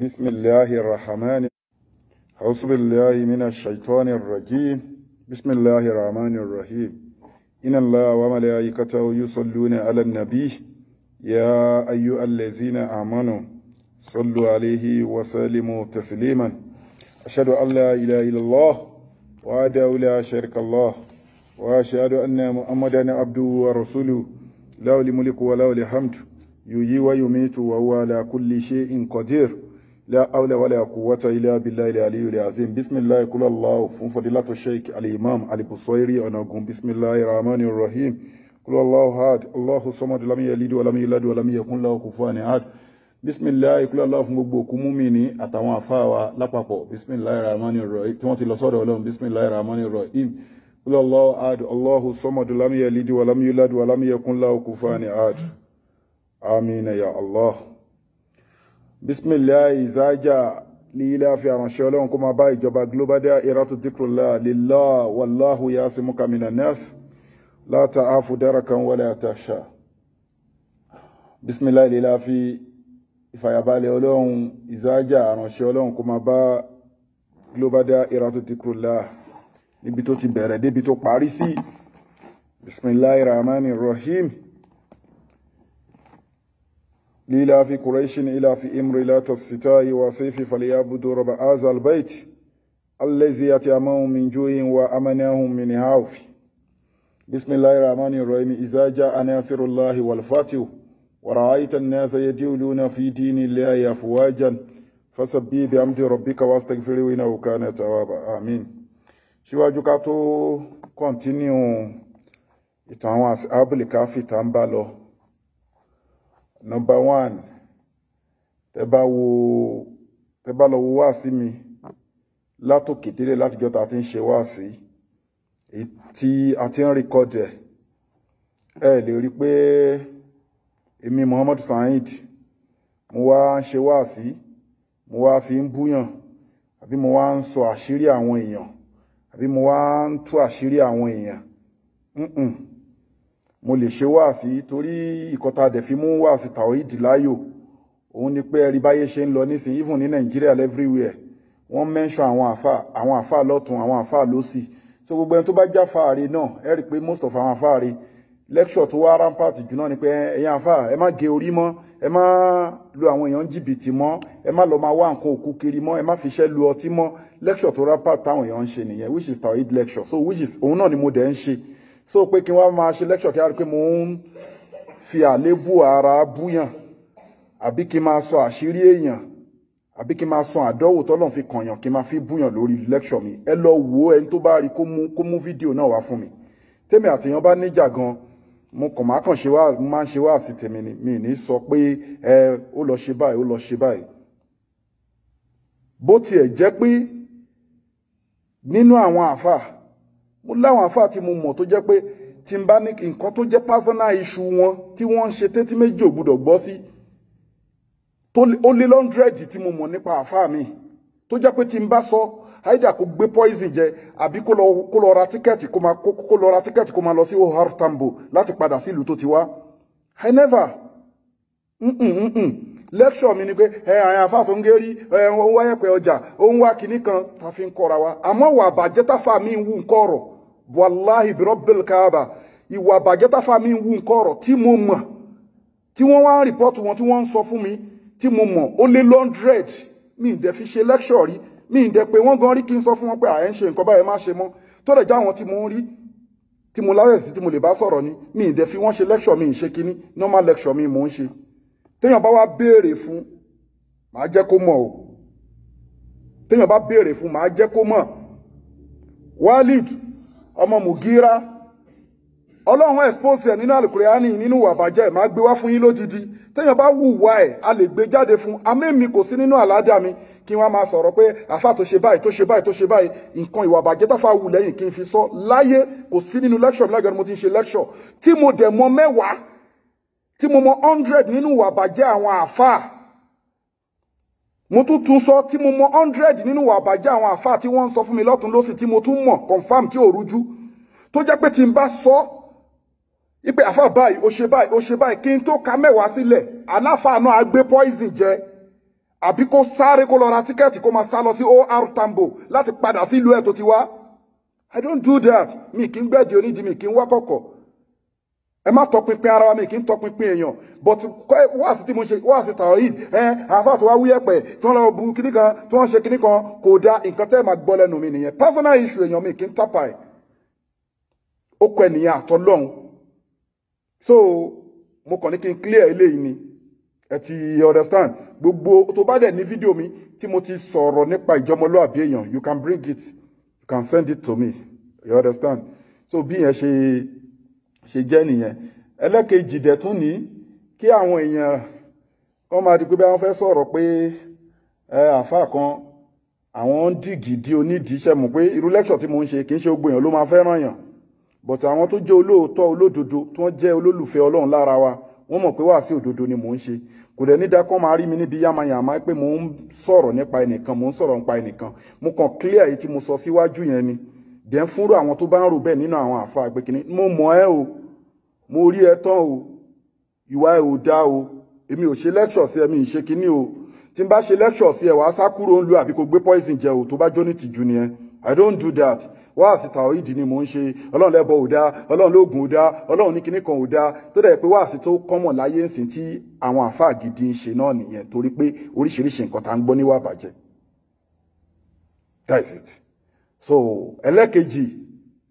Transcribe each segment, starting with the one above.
بسم الله الرحمن أعوذ بالله من الشيطان الرجيم بسم الله الرحمن الرحيم إن الله وملائكته يصلون على النبي يا أيها الذين آمنوا صلوا عليه وسلموا تسليما أشهد أن لا إله إلا الله وأدعو لا شرك الله وأشهد أن محمدا عبده ورسوله لا لملك ولا لحمد يجي ويميت وهو على كل شيء قدير لا حول ولا قوة إلا بالله العلي العظيم بسم الله كل الله فون فضيلة الشيخ الإمام البصيري أنغم بسم الله الرحمن الرحيم كل الله هاد الله صمد لم يلد ولم يولد ولم يكن له كفوا أحد بسم الله كل الله fún gbogbo òkú múmini àtàwọn àfáà wa بسم الله الرحمن الرحيم tí wọ́n ti بسم الله الرحمن الرحيم كل الله هاد الله صمد لم يلد ولم يولد ولم يكن له كفوا أحد آمين يا الله bisimilayi zaja lílá fi àránṣẹ́ ọlọ́run kó máa bá ìjọba global dahiratu dhikrullah lillah wallahu yasimuka minan nas la ta'afu darakan wala tasha bisimilayi lílá fi ìfàyàbalẹ̀ ọlọ́run ìzájà àránṣẹ́ ọlọ́run kó máa bá global dahiratu dhikrullah níbi tó ti bẹ̀rẹ̀ débi tó parí sí bisimilayi rahmanir rahim. لإلاف قريش إلاف إمر لا الشتاء وصيف فليعبدوا رب هذا البيت الذي أطعمهم من جوع وأمناهم من خوف بسم الله الرحمن الرحيم إذا جاء ناصر الله والفتح ورأيت الناس يدخلون في دين الله أفواجا fasabi bi amdi rabbika wastaghfiri wa innahu kana tawwaba amin síwájú ká tó continue ìtàn nọmba one tẹ bá wo tẹ bá lọ wo wáàsí mi látòkè délé látijọ́ ta ti ń ṣe wáàsí tí a ti ń rìkọ́dì ẹ lè rí pé èmi Muhammad Saheed mo wá ń ṣe wáàsí mo wá fi ń búyàn àbí mo wá ń sọ àṣírí àwọn èèyàn àbí mo wá ń tú àṣírí àwọn èèyàn mo lè ṣe wáàsí torí ìkọta dẹ̀ fi mú wáàsí tàwíìdì láyò òun ni pé ẹ̀rí báyé ṣe ń lọ nísìn even ní nàìjíríà everywhere wọ́n mẹ́ńṣọ àwọn àfà àwọn àfà lọ́tún àwọn àfà lọ́sì so gbogbo ẹni tó bá já fàárì náà ẹ rí i pé most of àwọn àfàárì lecture tó wá rampart jù náà ni pé ẹ̀yin àfà ẹ má gé orí mọ́ ẹ má lu àwọn èèyàn jìbìtì mọ́ ẹ má lọ máa wá nǹkan òkú kiri mọ́ ẹ má fi lu ọtí mọ́ lecture tó rampart táwọn èèyàn ń ṣe nìyẹn which is tawhid lecture so which is òun náà ni mo dẹ̀ ń ṣe so pé kí wọ́n máa ṣe lecture kí wọ́n rí pé mò ń fi àlébù ara búyàn àbí kí n máa sọ àṣírí èèyàn àbí kí n máa sọ àdánwò tọ́lọ́n fi kànyàn kí n máa fi búyàn lórí lecture mi ẹ lọ wo ẹni tó bá rí kó mú kó mú fídíò náà wá fún mi tèmi àtìyàn bá níjà gan mo kàn máa kàn ṣe wá mo máa ṣe wá sí tèmi ni mi ní sọ pé ẹ ó lọ ṣe báyìí ó lọ ṣe báyìí bó tiẹ̀ jẹ́ pé nínú àwọn àfáà mo láwọn àfáà tí mo mọ̀ tó jẹ́ pé tí n bá ní nǹkan tó jẹ́ personal issue wọn tí wọ́n ń ṣe tẹ́tí méjì ò gbúdọ̀ gbọ́ sí ó lé lọ́ndrẹ́dì tí mo mọ̀ nípa àfáà mi tó jẹ́ pé tí n bá sọ haida kò gbé poison jẹ àbí kó lọ ra tíkẹ́ẹ̀tì kó máa kó lọ ra tíkẹ́ẹ̀tì kó máa lọ sí ohar tambo láti padà sí ìlú tó ti wá i never lecture mi ni pé ẹ àwọn àfa tó ń gé rí ẹ ń wá ọjà ó ń wá kinní kan tá a fi ń kọ́ra wa àmọ́ wà bàjẹ́ táfà mi ń wú nǹkan ọ̀rọ̀ wàláhì bírọ́bìlì káàbà ìwà àbàjẹ́ táfà mi ń wú nǹkan ọ̀rọ̀ tí mo mọ̀ tí wọ́n wá ń rìpọ́ọ̀tù wọn tí wọ́n ń sọ fún mi tí mo mọ̀ ó lé lọ́ndrẹ́d mi ì fi ṣe lẹ́kṣọ̀ rí mi ì pé wọ́n gan rí kí n sọ fún wọn pé àyẹ̀ ń ṣe nǹkan báyẹn má ṣe mọ́ tó dẹ̀ já àwọn tí mo ń rí tí mo láyẹ̀ sí tí mo lè bá sọ̀rọ̀ ni mi ì fi wọ́n ṣe lẹ́kṣọ̀ mi ì ṣe kinní normal lẹ́kṣọ̀ mi mò ń ṣe téèyàn bá wá béèrè fún màá jẹ́ kó mọ̀ o téèyàn bá béèrè fún màá jẹ́ kó mọ̀ Walid ọmọ Mugira ọlọ́run expose ẹ̀ nínú àlùkùrẹ́ánì nínú ìwà àbàjẹ́ máa gbé wá fún yín lódidi téèyàn bá wùwà ẹ̀ a lè gbé jáde fún amémi kò sí nínú àládà mi kí wọ́n máa sọ̀rọ̀ pé àfa tó ṣe báyìí tó ṣe báyìí tó ṣe báyìí nǹkan ìwà àbàjẹ́ táfa wù lẹ́yìn kí n fi sọ láyé kò sí nínú lecture mi lágbàdo mo ti ń ṣe lecture tí mo dẹ̀ mọ mẹ́wàá tí mo mọ hundred nínú ìwà àbàjẹ́ àwọn àfáà mo tún tún sọ tí mo mọ hundred nínú ìwà àbàjẹ́ àwọn àfáà tí wọ́n ń sọ fún mi lọ́tún lọ́sìn tí mo tún mọ̀ confam tí ò rújú tó jẹ́ pé tí n bá sọ ipe àfáà báyìí ó ṣe báyìí ó ṣe báyìí kí n tó ka mẹ́wàá sílẹ̀ aláfáà náà á gbé poison jẹ àbí kó sáré kó lọ ra tíkẹ́ẹ̀tì kó máa sá lọ sí OR Tambo láti padà sílùú ẹ̀ tó ti wá I don't do that mi kì í gbẹ̀dì onídìí mi kì í wá kọ̀kọ̀ ẹ má tọpinpin ara wa mi kì í tọpinpin èèyàn but wáàsí tí mo ṣe wáàsí tàwíìd ẹ àáfà tó wá wúyẹ pẹ tí wọn lọ bu kíní kan tí wọn ṣe kíní kan kò da nǹkan tẹ́ ẹ máa gbọ́ lẹ́nu mi nìyẹn personal issue èèyàn mi kì í tàpá ẹ̀ ó kọ ènìyàn àtọ́lọ́hún so mo kàn ní kí n clear eléyìí ni ẹ ti understand gbogbo tó bá dẹ̀ ní fídíò mi tí mo ti sọ̀rọ̀ nípa ìjọmọlúàbí èèyàn you can bring it you can send it to me you understand so bí yẹn ṣe ṣe jẹ́ nìyẹn ẹlẹ́kejì dẹ̀ tún ní kí àwọn èèyàn kan máa di pé bí wọ́n fẹ́ sọ̀rọ̀ pé àáfàá kan àwọn ń dìgì di onídìí ṣe mọ̀ pé irú lẹ́kṣọ̀ tí mo ń ṣe kì í ṣe gbogbo èèyàn ló máa fẹ́ràn yàn but àwọn tó jẹ́ olóòótọ́ olódodo tí wọ́n jẹ́ olólùfẹ́ ọlọ́run lára wa wọ́n mọ̀ pé wàásù òdodo ni mò ń ṣe kò dẹ̀ ní dákọ́ máa rí mi níbi yámayàmá pé mò ń sọ̀rọ̀ nípa ẹnìkan mò ń sọ̀rọ̀ nípa ẹnìkan mo kàn clear èyí tí mo sọ síwájú yẹn ni dẹ̀ ń fúnrú àwọn tó bá ń rò bẹ́ẹ̀ nínú àwọn àfa àgbẹ̀kìnní mo mọ̀ ẹ́ o mo rí ẹ tán o ìwà ẹ ò dáa o èmi ò ṣe lecture sí ẹ mi ì ṣe kinní o tí n bá ṣe lecture sí ẹ wàá sá kúrò ń lu àbí kò gbé poison jẹ o tó bá jó ní tìjú nìyẹn i don't do that wá àsìta ìdí ni mò ń ṣe ọlọ́run lẹ́bọ ò dáa ọlọ́run lóògùn ò dáa ọlọ́run ní kinní kan ò dáa tó dẹ̀ pé wá àsì tó kọ́mọ̀ láyé ń sìn tí àwọn àáfàá gidi ń ṣe náà nìyẹn torí pé oríṣiríṣi nǹkan tá ń gbọ́ níwà bàjẹ́ that is it so ẹlẹ́kejì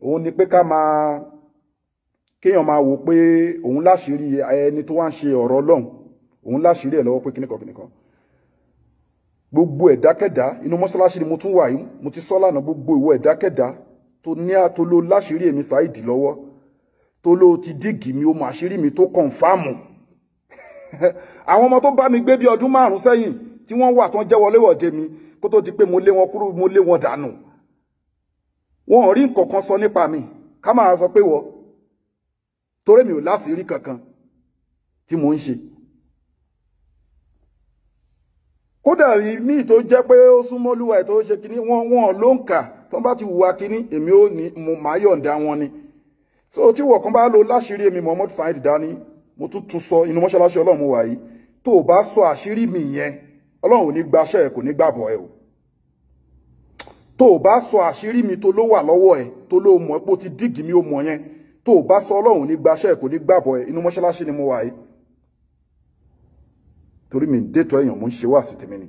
òun ni pé ká máa kéèyàn máa wò pé òun láṣìírí ẹni tó wá ń ṣe ọ̀rọ̀ ọlọ́run òun láṣìírí ẹ̀ lọ́wọ́ pé kíníkan kíníkan gbogbo ẹ̀dákẹ́dá inú mọ́ṣáláṣí ni mo tún wà yìí mo ti sọ lánàá gbogbo ìwọ ẹ̀dákẹ́dá tó ní àtòló láṣìírí èmi Saheed lọ́wọ́ tó ló ti dígì mi ó mọ àṣírí mi tó kọ̀ǹfàmù àwọn ọmọ tó bá mi gbé bí ọdún márùn sẹ́yìn tí wọ́n wà tán jẹ́ wọléwọ̀de mi kó tó di pé mo lé wọn kúrú mo lé wọn dànù wọn ò rí nǹkan kan sọ nípa mi ká máa sọ pé wọ́n torí mi ò láṣìírí kankan tí mò ń ṣe kódà mí tó jẹ́ pé ó súnmọ́ olúwa ẹ̀ tó ṣe kínní wọ́n wọ́n ló ń kà tán bá ti hùwà kínní èmi ò ní mo máa yọ̀ǹda wọn ni so tí wọ̀ kan bá lo láṣìírí èmi Muhammad Saheed Dani mo tún tún sọ inú mọ́ṣáláṣí ọlọ́run mo wà yìí tó o bá sọ àṣírí mi yẹn ọlọ́run ò ní gbaṣẹ́ ẹ̀ kò ní gbàbọ̀ ẹ̀ o tó o bá sọ àṣírí mi tó ló wà lọ́wọ́ ẹ̀ tó ló mọ̀ ẹ́ pé ó ti dígì mi ó mọ̀ yẹn tó o bá sọ ọlọ́run ní gbaṣẹ́ kò ní gbàbọ̀ ẹ inú mọ́ṣáláṣí ni mo wà yìí torí mi dẹ́tọ̀ èèyàn mo ń ṣe wá sí tèmi ni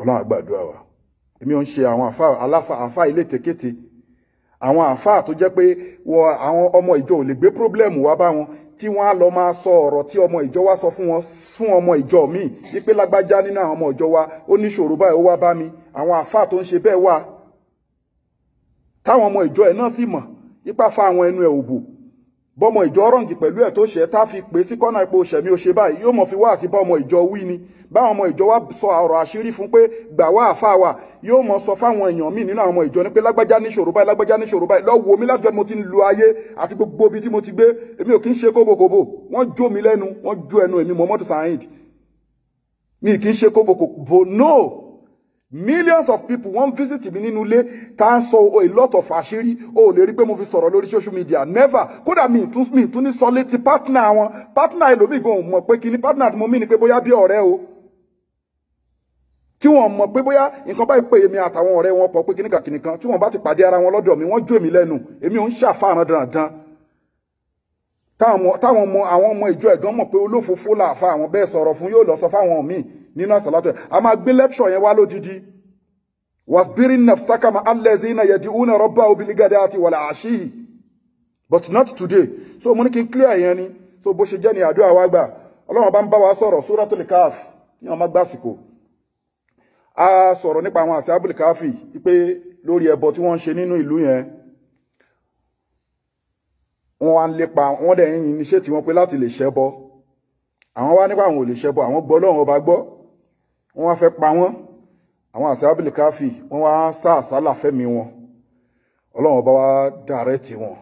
ọlọ́run àgbàdúrà wa èmi ò ń ṣe àwọn àfa aláfa àfa ilé tèkéte àwọn àfa tó jẹ́ pé wọ́n àwọn ọmọ ìjọ ò lè gbé pírọ́blẹ́mù wá bá wọn tí wọ́n á lọ máa sọ ọ̀rọ̀ tí ọmọ ìjọ wa sọ fún wọn fún ọmọ ìjọ míì wípé lágbájá nínú àwọn ọmọ ìjọ wa ó níṣòro báyìí ó wá bá mi àwọn àfa tó ń ṣe bẹ́ẹ̀ wà táwọn ọmọ ìjọ ẹ̀ náà sì mọ̀ ipa fa àwọn ẹnu ẹ̀ òbò bọ́mọ ìjọ ọ̀rọ̀ǹgì pẹ̀lú ẹ̀ tó ṣẹ̀ tá a fi pè sí kọ́nà ipò ṣẹ̀mí o ṣe báyìí yóò mọ̀ fi wá sí bọ́mọ ìjọ wí ni báwọn ọmọ ìjọ wa sọ ọ̀rọ̀ àṣírí fún pé gbà wá àfa wa yóò mọ̀ sọ fáwọn èèyàn míì nínú àwọn ọmọ ìjọ ni pé lágbájá ní ṣòro báyìí lágbájá ní ṣòro báyìí lọ́wọ́ mi lájọ́ mo ti ń lu ayé àti gbogbo ibi tí mo ti gbé èmi ò kí ń ṣe kóbòkóbò wọ́n jó mi lẹ́nu wọ́n jó ẹnu èmi Muhammad Saheed mi kì í ṣe kóbòkóbò no millions of people wọ́n visit mi nínú ilé tá a sọ a lot of àṣírí o lè rí pé mo fi sọ̀rọ̀ lórí social media never kódà mi ìtún mi ìtún ní sọ létí partner wọn partner ẹlòmíì gan ò mọ̀ pé kíní partner tí mo mí ni pé bóyá bí ọ̀rẹ́ o tí wọ́n mọ̀ pé bóyá nǹkan báyìí pé èmi àtàwọn ọ̀rẹ́ wọn pọ̀ pé kíní kan kíní kan tí wọ́n bá ti pàdé ara wọn lọ́dọ̀ mi wọ́n jó èmi lẹ́nu èmi ò ń ṣàfàràn dandan táwọn ọmọ àwọn ọmọ ìjọ ẹ̀gán mọ̀ pé olófòófó làáfà àwọn bẹ́ẹ̀ sọ̀rọ̀ fún yóò lọ sọ fáwọn míì nínú àsàlátù a máa gbé lecture yẹn wá lódidi wasbirin nafsaka ma allazina yad'una rabbahum bil ghadati wal ashi but not today so mo ní kí n clear yẹn ni so bó ṣe jẹ́ ni àdúrà wa gbà Ọlọ́run bá ń bá wa sọ̀rọ̀ suratul kaf ní ọmọ gbàsìkò a sọ̀rọ̀ nípa àwọn àṣẹ abúlé káfí pé lórí ẹbọ tí wọ́n ń ṣe nínú ìlú yẹn wọ́n wá ń lépa wọ́n dẹ̀ ń yin iṣẹ́ tí wọ́n pé láti lè ṣẹbọ àwọn wá nípa àwọn ò lè ṣẹbọ àwọn gbọ́ lọ́run ọba gbọ́ wọ́n wá fẹ́ pa wọ́n àwọn àṣàbìlì káfí wọ́n wá sá àsálà fẹ́mi wọn ọlọ́run bá wá dàrẹ́tì wọn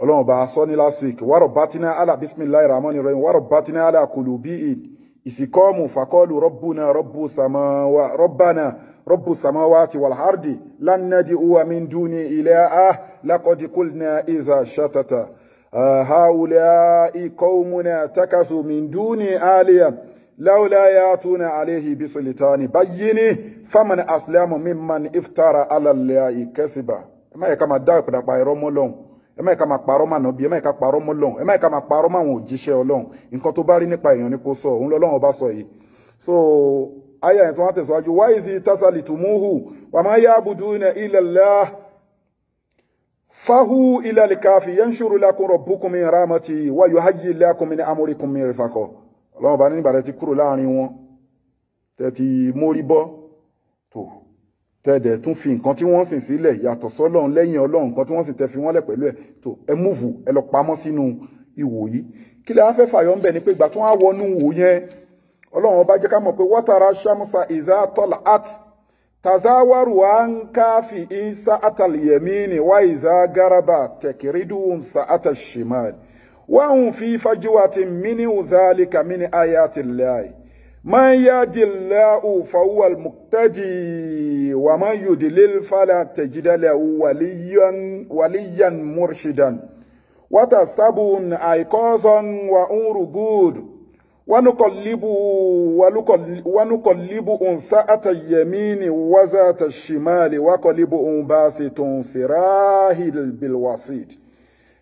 ọlọ́run bá sọ ní last week wárọ̀ bátínà àlà bisimilayi rahman rahim wárọ̀ bátínà àlà kùlùbí ìsìkọ́ọ̀mù fàkọ́ọ̀lù rọ́bùnà rọ́bù sàmáwá rọ́bànà رب السماوات والأرض لن ندعو من دون إله لقد قلنا إذا شتت هؤلاء قومنا تكثوا من دون آلهة لولا ياتون عليه بسلطان بين فمن أسلم ممن افترى على الله كسبا ما يكما دا pada pa irọ́ mọ́ lọ́hùn ẹ má ká máa parọ́ mọ́ ànábì ẹ má ká parọ́ mọ́ lọ́hùn ẹ má ká máa parọ́ mọ́ àwọn òjíṣẹ́ Ọlọ́hun nǹkan tó bá ni kò sọ òun lọ́lọ́hun ọba sọ yìí so aya yẹn tó wá tẹ̀síwájú wáyé sí tásálì tùmúhù wà máa yá abudu ní ilẹ̀ lẹ́à fahu ilẹ̀ lìkàfì yẹn ń ṣòro lákùnrọ̀ bùkún mi rà mọ́tì wáyọ̀ hajj lẹ́kùn mi ọlọ́run bá nígbà tẹ́ ti kúrò láàrin wọn tẹ́ ti mórí bọ́ tó tẹ́ẹ̀dẹ̀ tún fi nǹkan tí wọ́n sìn sílẹ̀ yàtọ̀ sọ́lọ́run lẹ́yìn ọlọ́run nǹkan tí wọ́n sìn tẹ́ fi wọ́n lẹ̀ pẹ̀lú ẹ̀ tó ẹ múùfù ẹ lọ pamọ́ sínú ìwò yìí kí lè afẹ́ fàyọ̀ ń bẹ̀ ni pé ìgbà tó wá wọnú wò yẹn ọlọ́run ọba jẹ́ ká mọ̀ pé wọ́tara ṣàmùsà ìzá tọ́lá at tazawaru wa ń káfí ìsá àtàlìyẹ̀mí ni wá ìzá garaba tẹ̀kìrìdùn sa àtàṣìmáàdì وهم في فجوة من ذلك من آيات الله من يهد الله فهو المقتدي ومن يضلل فلا تجد له وليا وليا مرشدا وتسبون أيقاظا وأمر جود ونقلب ونقلب ساعة اليمين وذات الشمال وقلب باسط فراهل بالوسيط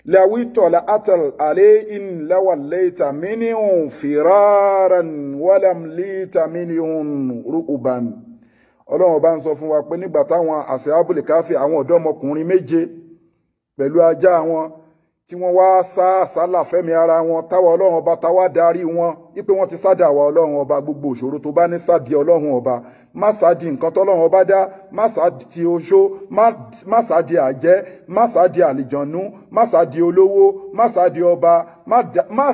lawitɔ la atal ale in lawaleta minihun firaran walamlita minihun rukuban ọlọ́run ọba ń sọ fún wa pé nígbà táwọn àṣẹ abúlé káfí àwọn ọ̀dọ́mọkùnrin méje pẹ̀lú ajá wọn tí wọ́n wá sá àsálà fẹ́mi ara wọn táwa ọlọ́run ọba táwa darí wọn wípé wọ́n ti sádà wa ọlọ́run ọba gbogbo òṣòro tó bá ní sádi ọlọ́run ọba má sádi nǹkan tọ́lọ́run ọba dá má sádi oṣó má sádi àjẹ́ má sádi àlìjọ̀nú má sádi olówó má sádi ọba má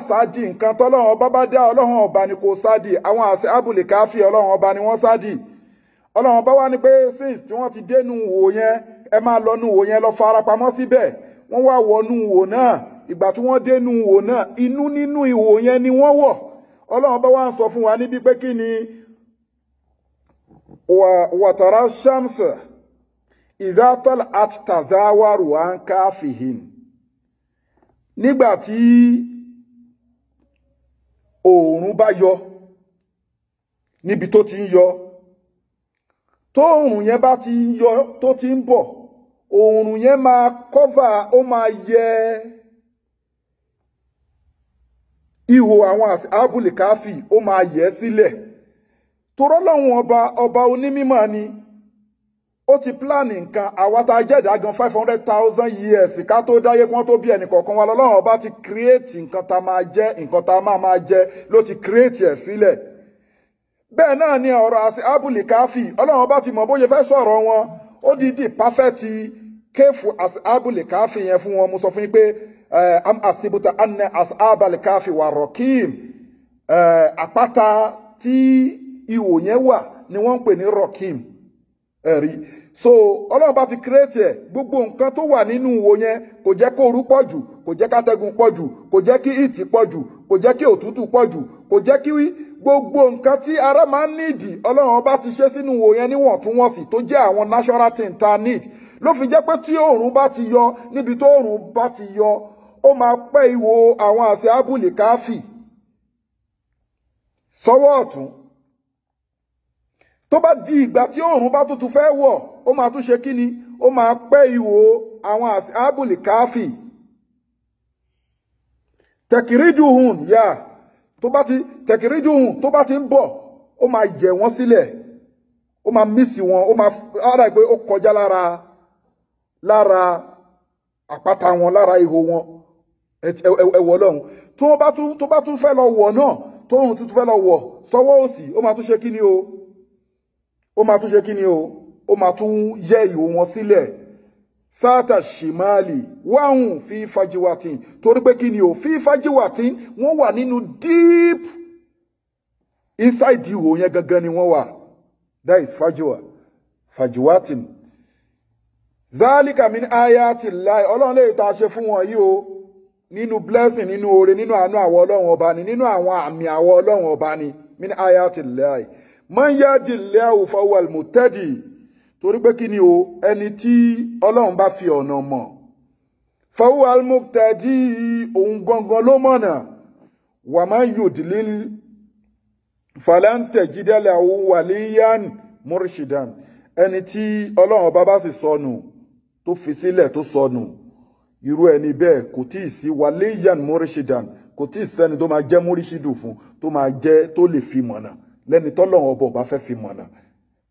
sádi nǹkan tọ́lọ́run ọba bá dá ọlọ́run ọba ni kò sádi àwọn àṣẹ abúlé káfí ọlọ́run ọba ni wọ́n sádi ọlọ́run ọba wá ní pé since tí wọ́n ti dénú wò yẹn wọ́n wá wọnú ihò náà ìgbà tí wọ́n dénú ihò náà inú nínú ihò yẹn ni wọ́n wọ̀ ọlọ́run bá wá ń sọ fún wa níbi pé kí ni wàtàrà shamsa ìzátọ́l àtàzáwárù à ń káfìhìn nígbà tí oòrùn bá yọ níbi tó ti ń yọ tóòrùn yẹn bá ti ń yọ tó ti ń bọ̀ òòrùn yẹn máa kọ́fà ó máa yẹ ihò àwọn àbúlé káfí ó máa yẹ sílẹ̀ torọ́ lọ́hùn ọba ọba onímọ̀ ni ó ti pílánì nǹkan àwa tá five hundred thousand years ká tó dáyé kí wọ́n tó bí ẹnì kọ̀ọ̀kan wa lọ́lọ́run ọba ti kírètì nǹkan tá a máa jẹ nǹkan tá a máa máa jẹ ló ti kírètì ẹ̀ sílẹ̀ bẹ́ẹ̀ náà ni ọ̀rọ̀ àti abúlé káfí ọlọ́run ọba ti mọ̀ bóyá fẹ́ sọ̀rọ̀ wọn ó di di pàfẹ́tì kéfù asábùlì káfí yẹn fún wọn mo sọ fún yín pé eh, am asibuta anna asábàlì káfí wà rọkìm eh, àpáta tí ihò yẹn wà ni wọn ń pè ní rọkìm ẹ̀rí so ọlọ́run bá ti kírètì ẹ̀ gbogbo nǹkan tó wà nínú wo yẹn kò jẹ́ kó ooru pọ̀ jù kò jẹ́ kátẹ́gùn pọ̀ jù kò jẹ́ kí ìtì pọ̀ jù kò jẹ́ kí òtútù pọ̀ jù kò jẹ́ kí gbogbo nǹkan tí ara máa ń nídìí ọlọ́run bá ti ṣe sínú wo yẹn níwọ̀ntúnwọ̀nsì tó jẹ́ àwọn natural thing need ló fi jẹ́ pé tí òòrùn bá ti yọ níbi tó òòrùn bá ti yọ ó máa pẹ́ ìwo àwọn àṣẹ ábùlì káfì sọ́wọ́ ọ̀tún tó bá di ìgbà tí òòrùn bá tuntun fẹ́ wọ̀ ó máa tún ṣe kí ni ó máa pẹ́ ìwo àwọn àṣẹ ábùlì káfì tẹ̀kìrídù hùn yá tó bá ti tẹ̀kìrídù hùn tó bá ti ń bọ̀ ó máa yẹ̀ wọ́n sílẹ̀ ó máa mísì wọn ó máa ara ìpè ó kọjá lára lára àpáta wọn lára ihò wọn ẹwọ Ọlọ́run tó bá tún tó bá tún fẹ́ lọ wọ̀ náà tóun tún fẹ́ lọ wọ̀ sọ́wọ́ òsì ó máa tún ṣe kí ni o ó máa tún ṣe kí ni o ó máa tún yẹ ihò wọn sílẹ̀ sáàtà ṣìmáàlì wáhùn fi fàjíwàtín torí pé kí ni o fi fàjíwàtín wọ́n wà nínú deep inside ihò yẹn gangan ni wọ́n wà that is fàjíwà fàjíwàtín zálíkà min ayati láì ọlọ́run lè ta ṣe fún wọn yìí o nínú blessing nínú oore nínú àánú àwọ ọlọ́run ọba ni nínú àwọn àmì àwọ ọlọ́run ọba ni min ayati láì man yadi llahu fahuwal muhtadi torí pé kí ni o ẹni tí ọlọ́run bá fi ọ̀nà mọ̀ fahuwal muhtadi òun gangan ló mọ̀nà wa man yudlil falan tajida lahu waliyan murshidan ẹni tí ọlọ́run ọba bá sì sọnù tó fi sílẹ̀ tó sọnù irú ẹni bẹ́ẹ̀ kò tí ì sí waliyan murishidan kò tí ì sẹ́ni tó máa jẹ́ múríṣídù fún tó máa jẹ́ tó lè fi mọ̀nà lẹ́ni tọ́lọ́run ọba ọba fẹ́ fi mọ̀nà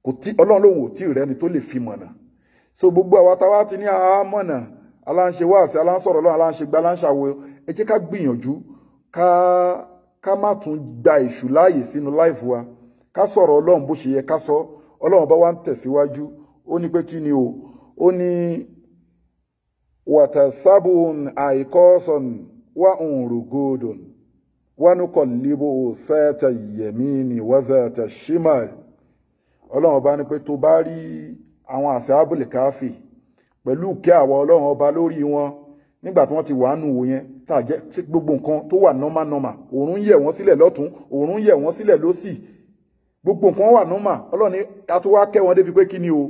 kò tí ọlọ́run lòun ò tí ì rẹ́ni tó lè fi mọ̀nà so gbogbo àwa táwa ti ní àámọ̀nà aláǹṣe wáàsí aláǹsọ̀rọ̀ lọ́wọ́ aláǹṣe gba aláǹṣàwọ̀ ẹ jẹ́ ká gbìyànjú ká ká má tún gba èṣù láàyè sínú láìfù wa ká sọ̀rọ̀ ọlọ́run bó ṣe yẹ ká sọ ọlọ́run bá wa ń tẹ̀síwájú ó ní pé kí ni o ó ní wàtàsábùn àìkọ́sọ̀n wà ń rògòdùn wánúkọ̀lébò sẹ́ẹ̀tà yẹ̀mí ni wàzẹ̀tà shimal ọlọ́run ọba ní pé tó bá rí àwọn àṣẹ abúlé káfí pẹ̀lú kí àwa ọlọ́run ọba lórí wọn nígbà tí wọ́n ti wàánu wò yẹn tá a jẹ́ tí gbogbo nǹkan tó wà nọ́mà nọ́mà òòrùn yẹ̀ wọ́n sílẹ̀ lọ́tún òòrùn yẹ̀ wọ́n sílẹ̀ lọ́sì gbogbo nǹkan wà nọ́mà ọlọ́run ni a tún wá kẹ́ wọn débi pé kí ni o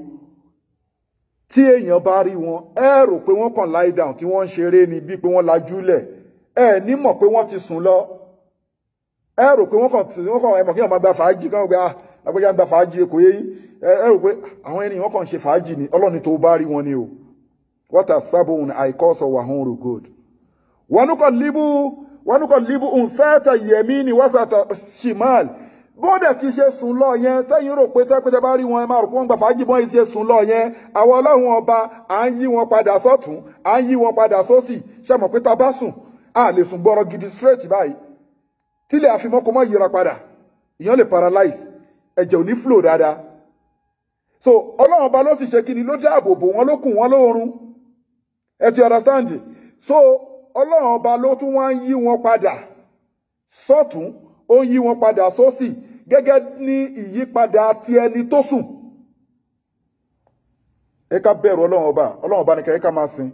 tí èèyàn bá rí wọn ẹ rò pé wọ́n kàn lie down tí wọ́n ń ṣeré ni bíi pé wọ́n lajúlẹ̀ ẹ ní mọ̀ pé wọ́n ti sùn lọ ẹ rò pé wọ́n kàn tí wọ́n kàn ẹ kí wọ́n máa gba fàájì kí wọ́n gba ah, agbẹjà gba fàájì kò yé ẹ rò pé àwọn ẹni wọ́n kàn ṣe fàájì ni ọlọ́ni tó bá rí wọn ni o what a sabon àìkọ́sọ̀ wà hún rò good. wọnúkọ líbù wọnúkọ líbù ń fẹ́ẹ́ tà yẹmí ni wọ́n sà tà shimal bóde ti ṣe sùn lọ yẹn tẹ́yìn rò pé tẹ́pẹ́tẹ́ bá rí wọn ẹ máa rò pé wọ́n gbà fàájì bọ́n ṣe sùn lọ yẹn àwọn ọlọ́run ọba à ń yí wọn padà sọ́tún à ń yí wọn padà sósì ṣe mọ̀ pé ta bá sùn a lè sùn gbọ́rọ̀ gidi straight báyìí tílẹ̀ àfimọ́kọ mọ́ yíra padà èèyàn lè paralyze ẹ̀jẹ̀ ò ní flow dáadáa so ọlọ́run ọba ló sì ṣe kí ni ló dáàbò bò wọ́n ló kùn wọ́n lóorun ẹ ti understand so ọlọ́run ọba ló tún wá ń yí wọn padà sọ́tún ó ń yí wọn padà sósì gẹ́gẹ́ ní ìyípadà ti ẹni tó sùn ẹ ká bẹ̀rù ọlọ́run ọba ọlọ́run ọba nìkan ẹ ká máa sin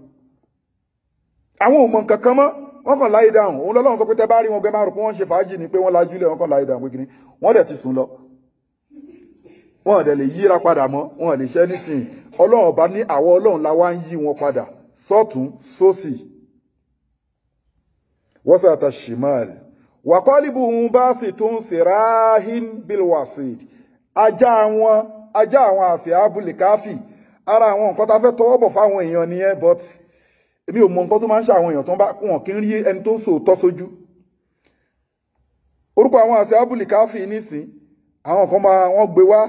àwọn ò mọ nǹkan kan mọ́ wọ́n kàn láyé dáhùn òun lọ́lọ́run sọ pé tẹ́ bá rí wọn gẹ́ máa rò wọ́n ṣe fàájì ni pé wọ́n lajú lẹ̀ wọ́n kàn láyé dáhùn pé kìíní wọ́n dẹ̀ ti sùn lọ wọn dẹ̀ lè yíra padà mọ́ wọn lè ṣe anything ọlọ́run ọba ní àwọ ọlọ́run la wá ń yí wọn padà sọ́tún sósì wọ́n sàtà ṣìmáàlì wàkọ́lìbù ń bá sì tún sirahin bilwasid ajá wọn ajá àwọn àṣẹ abúlìkáfì ara àwọn nǹkan tá a fẹ́ tọwọ́ bọ̀ fáwọn èèyàn nìyẹn but èmi ò mọ nǹkan tó máa ń ṣe àwọn èèyàn tó ń bá wọn kí ń rí ẹni tó ń sòótọ́ sójú orúkọ àwọn àṣẹ abúlìkáfì nísìn àwọn kan máa wọ́n gbé wá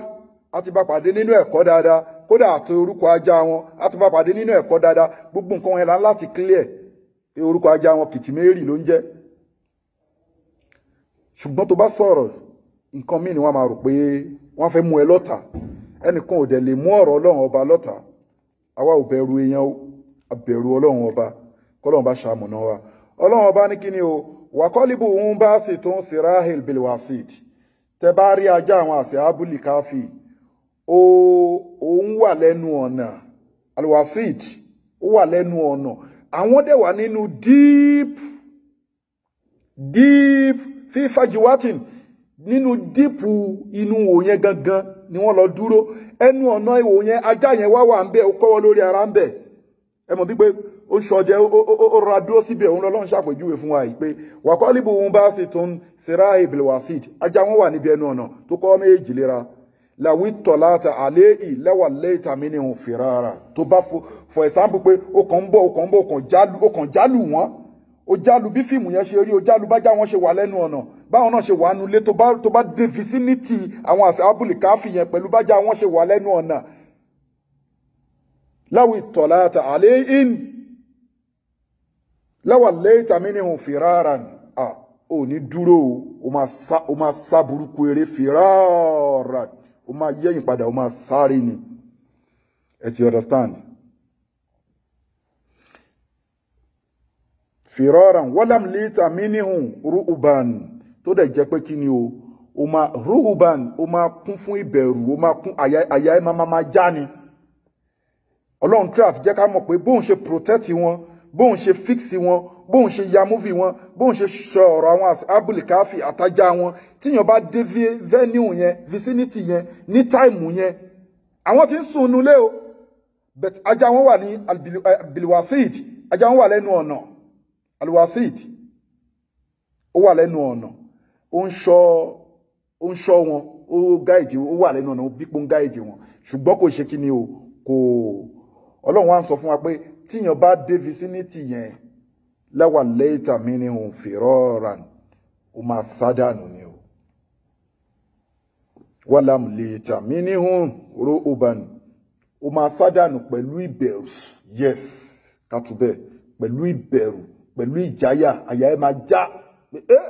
a ti nínú ẹ̀kọ́ dáadáa kódà àti orúkọ ajá wọn a ti nínú ẹ̀kọ́ dáadáa gbogbo nǹkan wọn yẹn láti clear orúkọ ajá wọn kìtìmẹ́rì ló ń jẹ́ ṣùgbọ́n tó bá sọ̀rọ̀ nǹkan míì ni wọ́n máa rò pé wọ́n fẹ́ mú ẹ lọ́tà ẹnìkan ò dẹ̀ lè mú ọ̀rọ̀ ọlọ́run ọba lọ́tà àwa ò bẹ̀rù èèyàn o àbẹ̀rù ọlọ́run ọba kọ́lọ́run bá ṣàmùnà wa ọlọ́run ọba ní kíni o wàkọ́líbù ń bá sì tún sirahil bilwasid tẹ bá rí ajá àwọn àṣẹ abúlé káfí ó ń wà lẹ́nu ọ̀nà alwasid ó wà lẹ́nu ọ̀nà àwọn dẹ̀ wà nínú deep deep fi fajiwatin nínú díìpù inú wò gangan ni wọ́n lọ dúró enu ọ̀nà ìwò ajá yẹn wá wà ń bẹ̀ ó lórí ara ń bẹ̀ ẹ mọ̀ bíi pé ó ṣọdẹ ó rọra dúró síbẹ̀ òun lọ́lọ́run fun fún wa yìí pé wàkọ́líbù sira wasid ajá wọn wà níbi ẹnu ọ̀nà tó kọ́ méjì lera làwí o jálu bí fíìmù yẹn ṣe rí o jálu bájá wọn ṣe wà lẹ́nu ọ̀nà báwọn náà ṣe wà nù lé tó bá tó bá dé vicinity àwọn àsábùlì káfí yẹn pẹ̀lú bájá wọn ṣe wà lẹ́nu ọ̀nà láwù ìtọ̀láta àlẹ́ in láwà lẹ́yìn tàmínì hùn fìràrà ò ní dúró o máa sá burúkú eré fìràrà o máa yẹ̀yìn padà o máa sáré ni ẹ ti understand. fìrọ́ràn wọ́lám lítà mínihùn rúùbàn tó dẹ̀ jẹ́ pé kí ni o o máa rúùbàn o máa kún fún ìbẹ̀rù o máa kún àyà àyà ẹ̀ máa máa já ni ọlọ́run tí a fi jẹ́ ká mọ̀ pé bóun ṣe protect wọn bóun ṣe fix wọn bóun ṣe ya múfì wọn bóun ṣe sọ ọ̀rọ̀ àwọn abúlìkáfì àtajà wọn tíyàn bá dé venue yẹn vicinity yẹn ní táìmù yẹn àwọn tí ń sùn nulẹ̀ o but ajá wọn wà ní eh, bilwasid ajá wọn wà lẹ́nu ọ̀nà. No alwasid ó wà lẹ́nu ọ̀nà ó ń ṣọ́ ó ń ṣọ́ guide ó gáìdì ó wà lẹ́nu ọ̀nà ó bípò ń gáìdì wọn ṣùgbọ́n ni o kò ọlọ́run wa ń sọ fún wa pé tíyàn bá dé vicinity yẹn láwà lẹ́yìntà mi ni òun fìrọ́ra ó máa sádànù ni o wàlám lẹ́yìntà mi ni òun ro obanù ó máa sádànù yes kàtúbẹ̀ pẹ̀lú ìbẹ̀rù pẹ̀lú ìjáyà àyà ẹ máa já pé ẹ́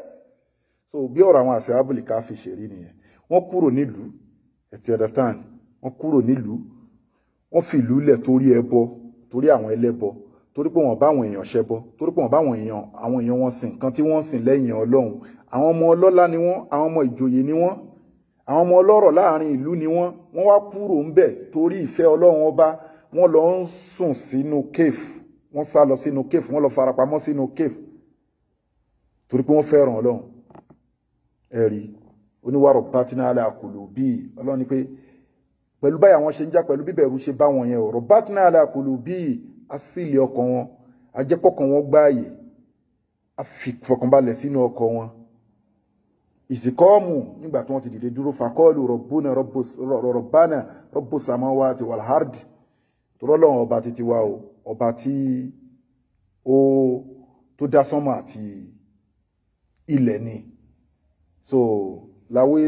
so bí ọ̀rọ̀ àwọn àṣẹ abúlé ká fi ṣèrí nìyẹn wọ́n kúrò nílùú ẹ̀ ti understand wọ́n kúrò nílùú wọ́n fi ìlú lẹ̀ torí ẹbọ torí àwọn ẹlẹ́bọ torí pé wọ́n bá àwọn èèyàn ṣẹbọ torí pé wọ́n bá àwọn èèyàn àwọn èèyàn wọn sìn nǹkan tí wọ́n sìn lẹ́yìn ọlọ́run àwọn ọmọ ọlọ́lá ni wọ́n àwọn ọmọ ìjòyè ni wọ́n àwọn ọmọ ọlọ́rọ̀ láàrin ìlú ni wọ́n wọ́n wá kúrò ńbẹ̀ torí ìfẹ́ ọlọ́run ọba wọ́n lọ ń sùn sínú cave wọ́n sá lọ sínú kéfù wọ́n lọ farapamọ́ sínú kéfù torí pé wọ́n fẹ́ràn ọlọ́run ẹ̀rí oníwàrọ̀ bátínà alẹ́ àkùlù bíi ọlọ́run ni pé pẹ̀lú báyà wọn ṣe ń já pẹ̀lú bíbẹ̀rù ṣe bá wọn yẹn ọ̀rọ̀ bátínà alẹ́ àkùlù bíi asílẹ̀ ọkàn wọn ajẹ́pọ̀kàn wọn gbáàyè àfìfọkànbalẹ̀ sínú ọkàn wọn ìsìkọ́ọ̀mù nígbà tí wọ́n ti dìde dúró fakọ́ọ̀lù rọ̀bùnà rọ̀bùnà rọ̀bùsàmáwá ti tó rọ́lọ́run ọba titi wa o ọba tí ó tó dá sánmọ̀ àti ilẹ̀ ni so láwé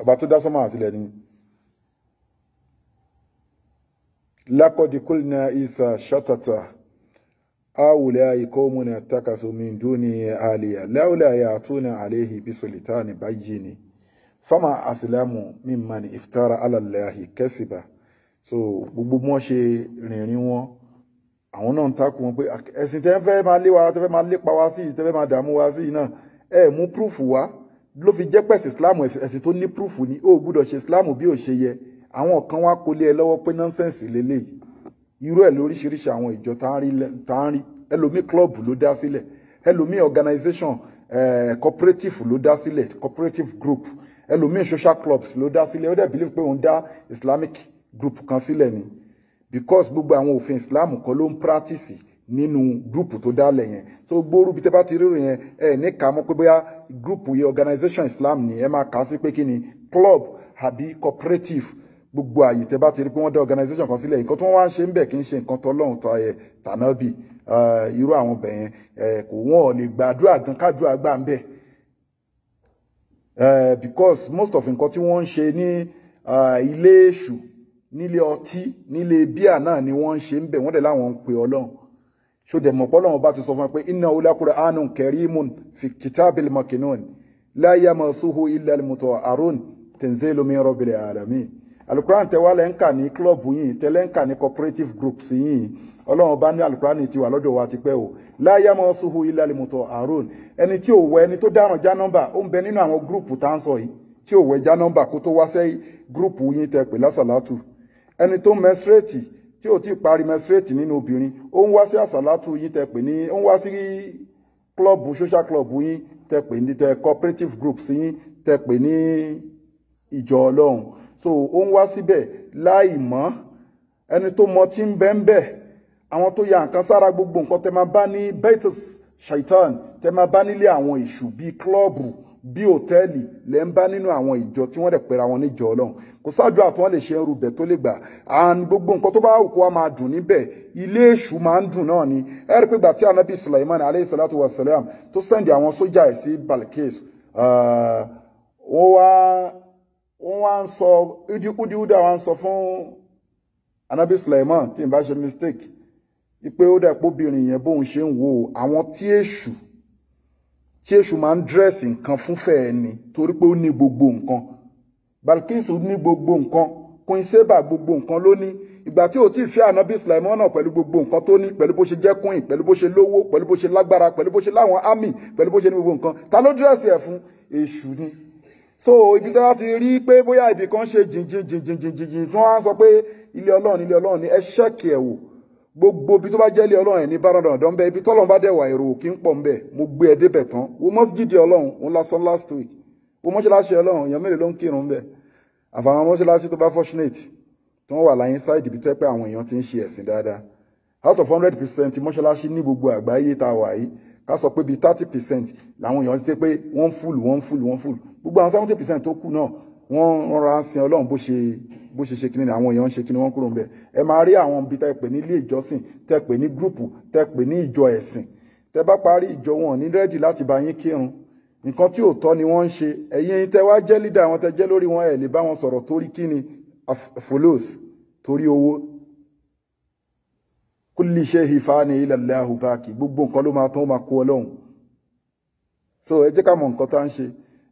ọba tó dá sánmọ̀ àti ilẹ̀ ni. لقد قلنا عيسى شططا هؤلاء قوم اتخذوا من دونه آلهة لولا يأتون عليه بسلطان بين فما أسلموا ممن افترى على الله كذبا so gbogbo bí wọ́n ṣe rìnrìn wọn àwọn náà ń takò wọn pé ẹ̀sìn tẹ́ fẹ́ máa lé wa tẹ́ fẹ́ máa lépa wa sí tẹ́ fẹ́ máa dààmú wa sí náà ẹ mú proof wá ló fi jẹ́ pẹ̀sì islam ẹ̀sìn tó ní proof ni ó gbúdọ̀ ṣe islam bí ò ṣe yẹ àwọn kan wá kólé ẹ lọ́wọ́ pé nọ́nsẹ̀nsì lélẹ́yìí irú ẹ̀ lóríṣiríṣi àwọn ìjọ tá ń rí ẹlòmíì club ló dá sílẹ̀ ẹlòmíì organization eh, cooperative ló dá sílẹ̀ cooperative group ẹlòmíì social clubs ló dá sílẹ̀ ó dẹ̀ believe pé òun dá islamic group kan sílẹ̀ ni because gbogbo àwọn òfin Islam kọ́ ló ń practice nínú group tó dálẹ̀ yẹn so gbóòrú bí tẹ́ bá ti rírun yẹn ẹ ní ká mọ̀ pé bóyá group yẹn organization Islam ni ẹ máa kà á sí pé kí ni club àbí cooperative gbogbo àyè tẹ́ bá ti rí pé wọ́n dá organisation kan sílẹ̀ nǹkan tí wọ́n wá ń ṣe ń bẹ̀ kì í ṣe nǹkan tọ́lọ́run tó ayẹ tànábì irú àwọn ọbẹ̀ yẹn kò wọ́n ò lè gbàdúrà gan kádùrà gbà ń bẹ̀ because most of nǹkan tí wọ́n ń ṣe ní ilé èṣù nílé ọtí nílé bíà náà ni wọ́n ń ṣe ń bẹ̀ wọ́n dẹ̀ láwọn ń pe ọlọ́run ṣó dẹ̀ mọ̀ pọ́lọ́run bá ti sọ fún wa pé inna ula Qur'anun karimun fi kitabil makinun la yamassuhu illa al-mutahharun tanzilu min rabbil alamin alukuran tẹ wá lẹ́ńkà ní kílọ̀bù yìí tẹ lẹ́ńkà ní cooperative groups yìí ọlọ́run bá ní alukuran ti wà lọ́dọ̀ wa ti pẹ́ o láyà mọ́ suhu ilé alimutọ arun ẹni tí ò wẹ ẹni tó dáràn já nọ́mbà ó ń bẹ nínú àwọn gúrùpù tá à ń sọ yìí tí ò wẹ já nọ́mbà kó tó wá sẹ́yìn gúrùpù yìí tẹ pè lásàlátù ẹni tó menstruate tí ò ti parí menstruate nínú obìnrin ó ń wá sí àsálàtù yín tẹ ní ó ń wá sí klọ́ọ̀bù social club yín tẹ pè ní tẹ cooperative groups yín tẹ ní ìjọ ọlọ́run so ó ń wá síbẹ̀ láì mọ́ ẹni tó mọ tí ń bẹ́ ń bẹ̀ àwọn tó ya nǹkan sára gbogbo nǹkan tẹ máa bá ní betis shaitan tẹ máa bá nílé àwọn ìṣù bíi klọ́ọ̀bù bíi hòtẹ́ẹ̀lì lẹ́ ń bá nínú àwọn ìjọ tí wọ́n dẹ̀ pera wọn níjọ ọlọ́run kò sáàdúrà tó wà lè ṣe ẹrù bẹ̀ tó lè gbà and gbogbo nǹkan tó bá wù wa máa dùn níbẹ̀ ilé èṣù máa ń dùn náà ni ẹ rí pé gbà anabi sulaiman aleyhi salatu wa salam tó sẹ́ndì àwọn sójà ẹ̀ sí balkis wọ́n uh, wá wọ́n wá ń sọ udiuda wá ń sọ fún anabi sulaiman tí n bá ṣe mistake ipe ó dàpọ̀ obìnrin yẹn bóun ṣe ń wo àwọn tí èṣù tí èṣù máa ń dírẹ́sì nǹkan fúnfẹ́ ẹni torí pé ó ní gbogbo nǹkan Balkisu ní gbogbo nǹkan Queen Seba gbogbo nǹkan ló ní ìgbà tí ò tí ì fẹ́ ànábì Sulaimona pẹ̀lú gbogbo nǹkan tó ní pẹ̀lú bó ṣe jẹ́ queen pẹ̀lú bó ṣe lówó pẹ̀lú bó ṣe lágbára pẹ̀lú bó ṣe láwọn army pẹ̀lú bó ṣe ní gbogbo nǹkan ta ló dírẹ́sì ẹ̀ fún èṣù ni so ibi tí wọ́n ti rí pé bóyá ibì kan ṣe jìnjìn jìnjìn jìnjìn jìnjìn tí wọ́n á sọ pé ilé ọlọ́run ilé ọlọ́run ni ẹ ṣẹ́kì ẹ̀ wò gbogbo ibi tó bá jẹ́ ilé ọlọ́run ẹ̀ ní bára dandan bẹ́ẹ̀ ibi tọ́lọ́run bá dẹ̀ wà èrò kí ń pọ̀ ń bẹ̀ mo gbé ẹ débẹ̀ tán wo mọ́sídìí ọlọ́run òun lásán last week wo mọ́ṣáláṣí ọlọ́run èèyàn mélòó ló ń kírun bẹ́ẹ̀ àfàwọn mọ́ṣáláṣí tó bá fortunate tí wọ́n wà láyé sáìdì bí tẹ́pẹ́ àwọn èèyàn ti ń ṣe ẹ̀sìn dáadáa out of hundred percent mọ́ṣáláṣí ní gbogbo àgbáyé tá a wà yìí ká sọ pé bíi thirty percent làwọn èèyàn ti ṣe pé wọ́n fúlù wọ́n fúlù wọ́n fúlù gbogbo àwọn seventy percent tó kù náà wọ́n rọra ń sin ọlọ́run bó ṣe bó ṣe ṣe kíni ni àwọn èèyàn ń ṣe kíni wọ́n kúrò ń bẹ̀ ẹ máa rí àwọn ibi tẹ́ pè ní ilé ìjọsìn tẹ́ pè ní gúrùpù tẹ́ pè ní ìjọ ẹ̀sìn tẹ́ bá parí ìjọ wọn ní rẹ́dì láti bá yín kírun nǹkan tí ò ni wọ́n ń ṣe ẹ̀yin tẹ́ wá jẹ́ lídà àwọn tẹ́ jẹ́ lórí wọn ẹ̀ lè bá wọn sọ̀rọ̀ torí kíni folos torí owó kulli shay'in fani ila Allahu baki gbogbo nǹkan ló máa tán ó máa kó ọlọ́run so ẹ jẹ́ ká mọ nǹkan tá ń ṣe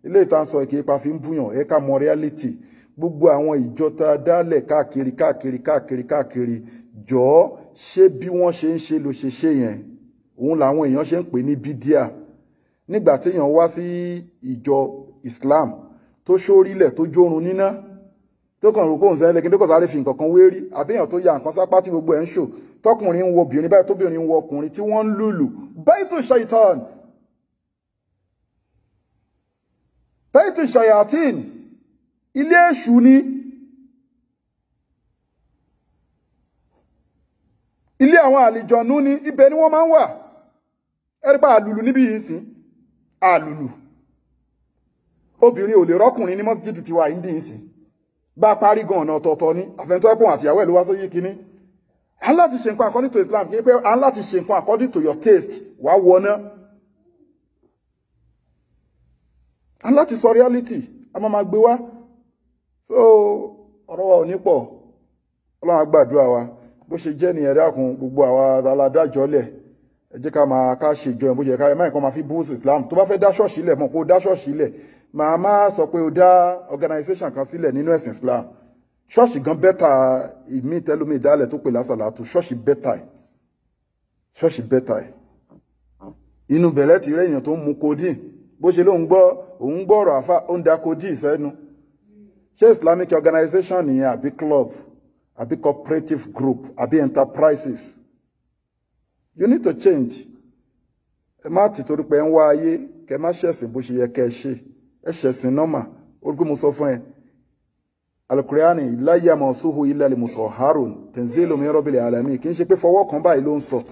ilé ìta ń sọ èké ipa fi ń búyàn ẹ ká mọ reality gbogbo àwọn ìjọta dálẹ̀ káàkiri káàkiri káàkiri káàkiri jọ̀ọ́ ṣé bí wọ́n ṣe ń ṣe ló ṣe ṣe yẹn òun làwọn èèyàn ṣe ń pè ní bídíà nígbà téèyàn wá sí ìjọ Islam tó ṣórílẹ̀ tó jórun níná tó kàn rò pé òun sẹ́yìn lẹ́kìn tó kàn sáré fi nǹkan kan wérí àbíyàn tó ya nǹkan sápá tí gbogbo ẹ̀ ń ṣò tọkùnrin ń wo obìnrin báyìí tóbìnrin ń wo ọkùnrin tí wọ́n ń lùlù baitu shaitan baitu shayatin ilé èṣù ni ilé àwọn àlìjọ̀nú ni ibẹ̀ ni wọ́n máa ń wà ẹ̀rí pa àlùlù níbí yìí sìn àlùlù obìnrin ò lè rọ́kùnrin ní mọ́síjìdì tiwa yìí dìín sí bá a parí gan ọ̀nà ọ̀tọ̀ọ̀tọ̀ ni àfẹnutọ́ ẹ̀pọ̀n àtìyàwó ẹ̀ ló wá sóyè kínní à ń láti ṣe nǹkan according to Islam kí ni pé à ń láti ṣe nǹkan according to your taste wà á wọná à ń láti sọ reality a máa máa gbé wá so ọ̀rọ̀ wa ò ní pọ̀ ọlọ́run á gbàdúrà wa bó ṣe jẹ́ nìyẹn dákun gbogbo àwa aládájọ́lẹ̀ ẹ jẹ́ ká máa ká ṣe ìjọ ẹ̀ bó ṣe máa fi búùsù Islam tó bá fẹ́ dá ṣọ́ọ̀ṣì lẹ̀ mọ̀ kó dá ṣọ́ọ̀ṣì lẹ̀ màá má sọ pé o dá organisation kan sílẹ̀ nínú ẹ̀sìn Islam ṣọ́ọ̀ṣì gan bẹ́tà ìmí tẹ́lómi ìdálẹ̀ tó pè lásàlátù ṣọ́ọ̀ṣì bẹ́tà ẹ̀ ṣọ́ọ̀ṣì bẹ́tà ẹ̀ inú bẹ̀lẹ́ ti rẹ́yìn tó ń mu codeine bó ṣe ló ń gbọ́ òun gbọ́rọ̀ àfa ó ń da codeine sẹ́nu ṣé Islamic organisation nìyẹn àbí club àbí cooperative group àbí enterprises you need to change ẹ má ti torí pé ẹ ń wá ayé kẹ má ṣẹ̀sìn bó ṣe yẹ kẹ ṣe ẹ ṣẹ̀sìn nọ́mà orúkọ mo sọ fún ẹ alukurani láyà mọ suhu ilẹ̀ harun tẹ̀nzílò mi rọ́bìlẹ̀ alami kì í ṣe pé fọwọ́ kan báyìí ló ń sọ